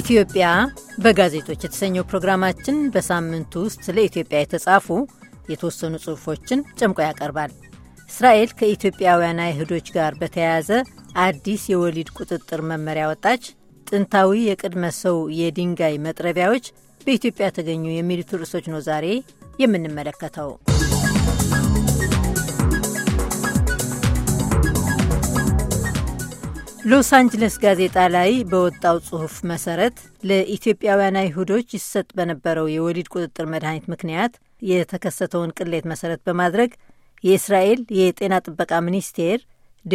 ኢትዮጵያ በጋዜጦች የተሰኘው ፕሮግራማችን በሳምንቱ ውስጥ ስለ ኢትዮጵያ የተጻፉ የተወሰኑ ጽሑፎችን ጨምቆ ያቀርባል። እስራኤል ከኢትዮጵያውያን አይሁዶች ጋር በተያያዘ አዲስ የወሊድ ቁጥጥር መመሪያ ወጣች፣ ጥንታዊ የቅድመ ሰው የድንጋይ መጥረቢያዎች በኢትዮጵያ ተገኙ የሚሉት ርዕሶች ነው ዛሬ የምንመለከተው። ሎስ አንጅለስ ጋዜጣ ላይ በወጣው ጽሑፍ መሰረት ለኢትዮጵያውያን አይሁዶች ይሰጥ በነበረው የወሊድ ቁጥጥር መድኃኒት ምክንያት የተከሰተውን ቅሌት መሰረት በማድረግ የእስራኤል የጤና ጥበቃ ሚኒስቴር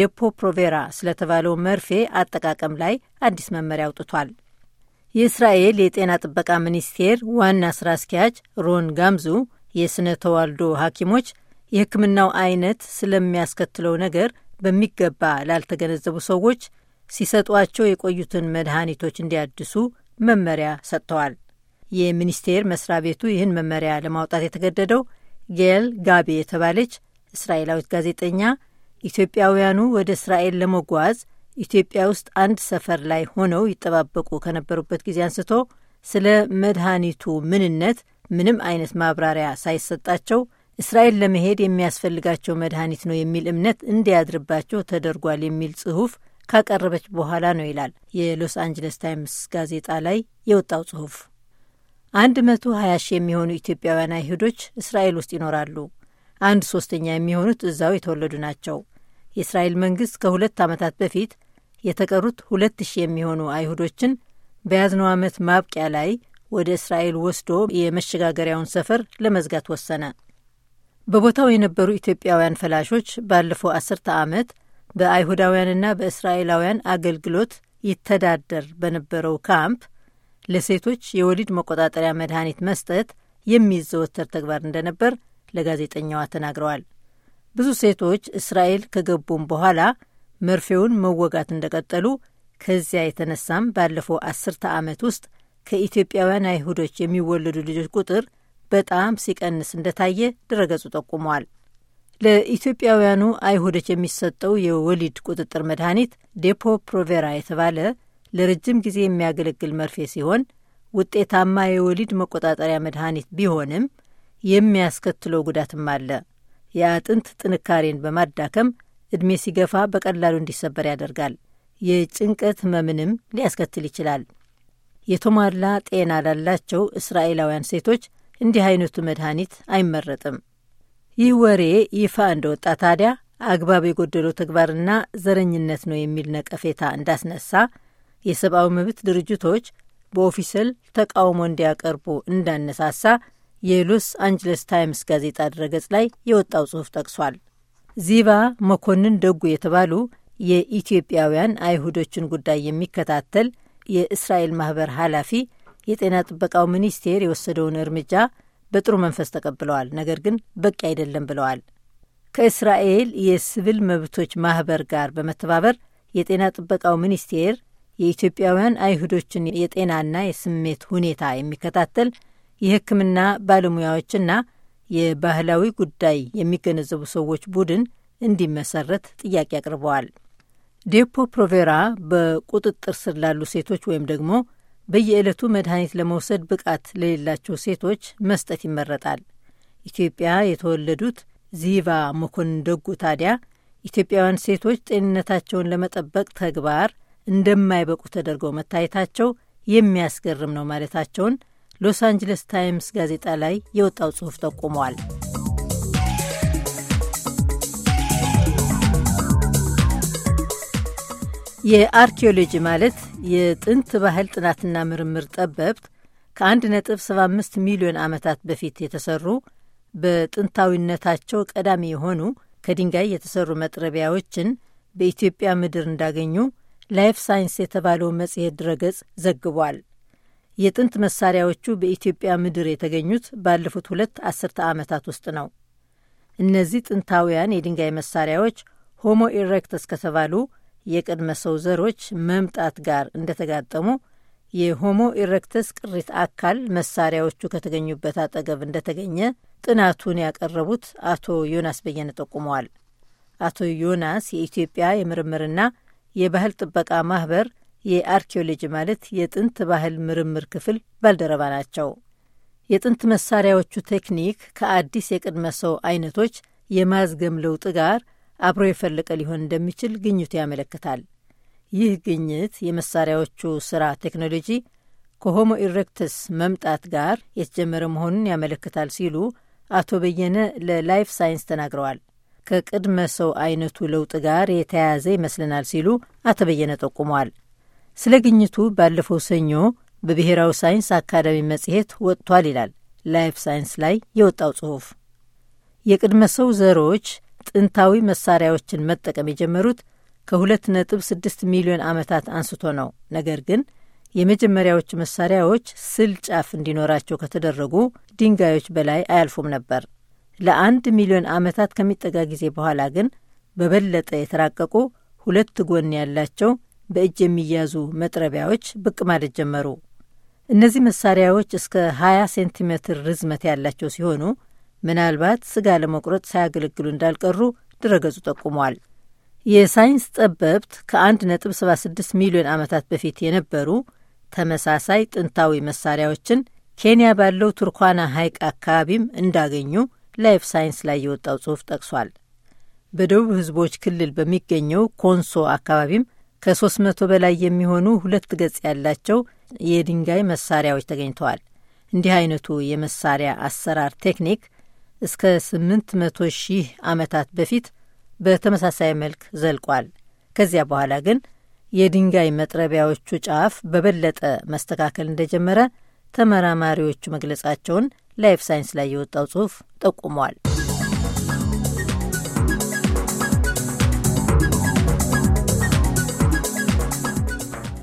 ዴፖ ፕሮቬራ ስለተባለው መርፌ አጠቃቀም ላይ አዲስ መመሪያ አውጥቷል። የእስራኤል የጤና ጥበቃ ሚኒስቴር ዋና ስራ አስኪያጅ ሮን ጋምዙ የስነ ተዋልዶ ሐኪሞች የሕክምናው አይነት ስለሚያስከትለው ነገር በሚገባ ላልተገነዘቡ ሰዎች ሲሰጧቸው የቆዩትን መድኃኒቶች እንዲያድሱ መመሪያ ሰጥተዋል። የሚኒስቴር መስሪያ ቤቱ ይህን መመሪያ ለማውጣት የተገደደው ጌል ጋቢ የተባለች እስራኤላዊት ጋዜጠኛ ኢትዮጵያውያኑ ወደ እስራኤል ለመጓዝ ኢትዮጵያ ውስጥ አንድ ሰፈር ላይ ሆነው ይጠባበቁ ከነበሩበት ጊዜ አንስቶ ስለ መድኃኒቱ ምንነት ምንም አይነት ማብራሪያ ሳይሰጣቸው እስራኤል ለመሄድ የሚያስፈልጋቸው መድኃኒት ነው የሚል እምነት እንዲያድርባቸው ተደርጓል የሚል ጽሑፍ ካቀረበች በኋላ ነው ይላል የሎስ አንጅለስ ታይምስ ጋዜጣ ላይ የወጣው ጽሑፍ። ሀያ ሺህ የሚሆኑ ኢትዮጵያውያን አይሁዶች እስራኤል ውስጥ ይኖራሉ። አንድ ሶስተኛ የሚሆኑት እዛው የተወለዱ ናቸው። የእስራኤል መንግስት ከሁለት ዓመታት በፊት የተቀሩት ሁለት ሺህ የሚሆኑ አይሁዶችን በያዝነው ዓመት ማብቂያ ላይ ወደ እስራኤል ወስዶ የመሸጋገሪያውን ሰፈር ለመዝጋት ወሰነ። በቦታው የነበሩ ኢትዮጵያውያን ፈላሾች ባለፈው አስርተ ዓመት በአይሁዳውያንና በእስራኤላውያን አገልግሎት ይተዳደር በነበረው ካምፕ ለሴቶች የወሊድ መቆጣጠሪያ መድኃኒት መስጠት የሚዘወተር ተግባር እንደነበር ለጋዜጠኛዋ ተናግረዋል። ብዙ ሴቶች እስራኤል ከገቡም በኋላ መርፌውን መወጋት እንደቀጠሉ፣ ከዚያ የተነሳም ባለፈው አስርተ ዓመት ውስጥ ከኢትዮጵያውያን አይሁዶች የሚወለዱ ልጆች ቁጥር በጣም ሲቀንስ እንደታየ ድረገጹ ጠቁመዋል። ለኢትዮጵያውያኑ አይሁዶች የሚሰጠው የወሊድ ቁጥጥር መድኃኒት ዴፖ ፕሮቬራ የተባለ ለረጅም ጊዜ የሚያገለግል መርፌ ሲሆን ውጤታማ የወሊድ መቆጣጠሪያ መድኃኒት ቢሆንም የሚያስከትለው ጉዳትም አለ። የአጥንት ጥንካሬን በማዳከም ዕድሜ ሲገፋ በቀላሉ እንዲሰበር ያደርጋል። የጭንቀት ህመምንም ሊያስከትል ይችላል። የተሟላ ጤና ላላቸው እስራኤላውያን ሴቶች እንዲህ አይነቱ መድኃኒት አይመረጥም። ይህ ወሬ ይፋ እንደወጣ ታዲያ አግባብ የጎደለው ተግባርና ዘረኝነት ነው የሚል ነቀፌታ እንዳስነሳ የሰብአዊ መብት ድርጅቶች በኦፊሰል ተቃውሞ እንዲያቀርቡ እንዳነሳሳ የሎስ አንጅለስ ታይምስ ጋዜጣ ድረገጽ ላይ የወጣው ጽሑፍ ጠቅሷል። ዚባ መኮንን ደጉ የተባሉ የኢትዮጵያውያን አይሁዶችን ጉዳይ የሚከታተል የእስራኤል ማህበር ኃላፊ የጤና ጥበቃው ሚኒስቴር የወሰደውን እርምጃ በጥሩ መንፈስ ተቀብለዋል፣ ነገር ግን በቂ አይደለም ብለዋል። ከእስራኤል የሲቪል መብቶች ማህበር ጋር በመተባበር የጤና ጥበቃው ሚኒስቴር የኢትዮጵያውያን አይሁዶችን የጤናና የስሜት ሁኔታ የሚከታተል የሕክምና ባለሙያዎችና የባህላዊ ጉዳይ የሚገነዘቡ ሰዎች ቡድን እንዲመሰረት ጥያቄ አቅርበዋል። ዴፖ ፕሮቬራ በቁጥጥር ስር ላሉ ሴቶች ወይም ደግሞ በየዕለቱ መድኃኒት ለመውሰድ ብቃት ለሌላቸው ሴቶች መስጠት ይመረጣል። ኢትዮጵያ የተወለዱት ዚቫ መኮንን ደጉ ታዲያ ኢትዮጵያውያን ሴቶች ጤንነታቸውን ለመጠበቅ ተግባር እንደማይበቁ ተደርገው መታየታቸው የሚያስገርም ነው ማለታቸውን ሎስ አንጅለስ ታይምስ ጋዜጣ ላይ የወጣው ጽሑፍ ጠቁመዋል። የአርኪኦሎጂ ማለት የጥንት ባህል ጥናትና ምርምር ጠበብት ከ1.75 ሚሊዮን ዓመታት በፊት የተሰሩ በጥንታዊነታቸው ቀዳሚ የሆኑ ከድንጋይ የተሰሩ መጥረቢያዎችን በኢትዮጵያ ምድር እንዳገኙ ላይፍ ሳይንስ የተባለው መጽሔት ድረገጽ ዘግቧል። የጥንት መሳሪያዎቹ በኢትዮጵያ ምድር የተገኙት ባለፉት ሁለት አስርተ ዓመታት ውስጥ ነው። እነዚህ ጥንታውያን የድንጋይ መሳሪያዎች ሆሞ ኢሬክተስ ከተባሉ የቅድመ ሰው ዘሮች መምጣት ጋር እንደተጋጠሙ የሆሞ ኢሬክተስ ቅሪት አካል መሳሪያዎቹ ከተገኙበት አጠገብ እንደተገኘ ጥናቱን ያቀረቡት አቶ ዮናስ በየነ ጠቁመዋል። አቶ ዮናስ የኢትዮጵያ የምርምርና የባህል ጥበቃ ማህበር የአርኪኦሎጂ ማለት የጥንት ባህል ምርምር ክፍል ባልደረባ ናቸው። የጥንት መሳሪያዎቹ ቴክኒክ ከአዲስ የቅድመ ሰው አይነቶች የማዝገም ለውጥ ጋር አብሮ የፈለቀ ሊሆን እንደሚችል ግኝቱ ያመለክታል። ይህ ግኝት የመሳሪያዎቹ ስራ ቴክኖሎጂ ከሆሞ ኢሬክተስ መምጣት ጋር የተጀመረ መሆኑን ያመለክታል ሲሉ አቶ በየነ ለላይፍ ሳይንስ ተናግረዋል። ከቅድመ ሰው አይነቱ ለውጥ ጋር የተያያዘ ይመስለናል ሲሉ አቶ በየነ ጠቁመዋል። ስለ ግኝቱ ባለፈው ሰኞ በብሔራዊ ሳይንስ አካዳሚ መጽሔት ወጥቷል ይላል ላይፍ ሳይንስ ላይ የወጣው ጽሑፍ። የቅድመ ሰው ዘሮች ጥንታዊ መሳሪያዎችን መጠቀም የጀመሩት ከ2.6 ሚሊዮን ዓመታት አንስቶ ነው። ነገር ግን የመጀመሪያዎቹ መሳሪያዎች ስል ጫፍ እንዲኖራቸው ከተደረጉ ድንጋዮች በላይ አያልፉም ነበር። ለአንድ ሚሊዮን ዓመታት ከሚጠጋ ጊዜ በኋላ ግን በበለጠ የተራቀቁ ሁለት ጎን ያላቸው በእጅ የሚያዙ መጥረቢያዎች ብቅ ማለት ጀመሩ። እነዚህ መሳሪያዎች እስከ 20 ሴንቲሜትር ርዝመት ያላቸው ሲሆኑ ምናልባት ስጋ ለመቁረጥ ሳያገለግሉ እንዳልቀሩ ድረገጹ ጠቁሟል። የሳይንስ ጠበብት ከ1.76 ሚሊዮን ዓመታት በፊት የነበሩ ተመሳሳይ ጥንታዊ መሳሪያዎችን ኬንያ ባለው ቱርኳና ሐይቅ አካባቢም እንዳገኙ ላይፍ ሳይንስ ላይ የወጣው ጽሑፍ ጠቅሷል። በደቡብ ህዝቦች ክልል በሚገኘው ኮንሶ አካባቢም ከ300 በላይ የሚሆኑ ሁለት ገጽ ያላቸው የድንጋይ መሳሪያዎች ተገኝተዋል። እንዲህ አይነቱ የመሳሪያ አሰራር ቴክኒክ እስከ 800 ሺህ ዓመታት በፊት በተመሳሳይ መልክ ዘልቋል። ከዚያ በኋላ ግን የድንጋይ መጥረቢያዎቹ ጫፍ በበለጠ መስተካከል እንደጀመረ ተመራማሪዎቹ መግለጻቸውን ላይፍ ሳይንስ ላይ የወጣው ጽሑፍ ጠቁሟል።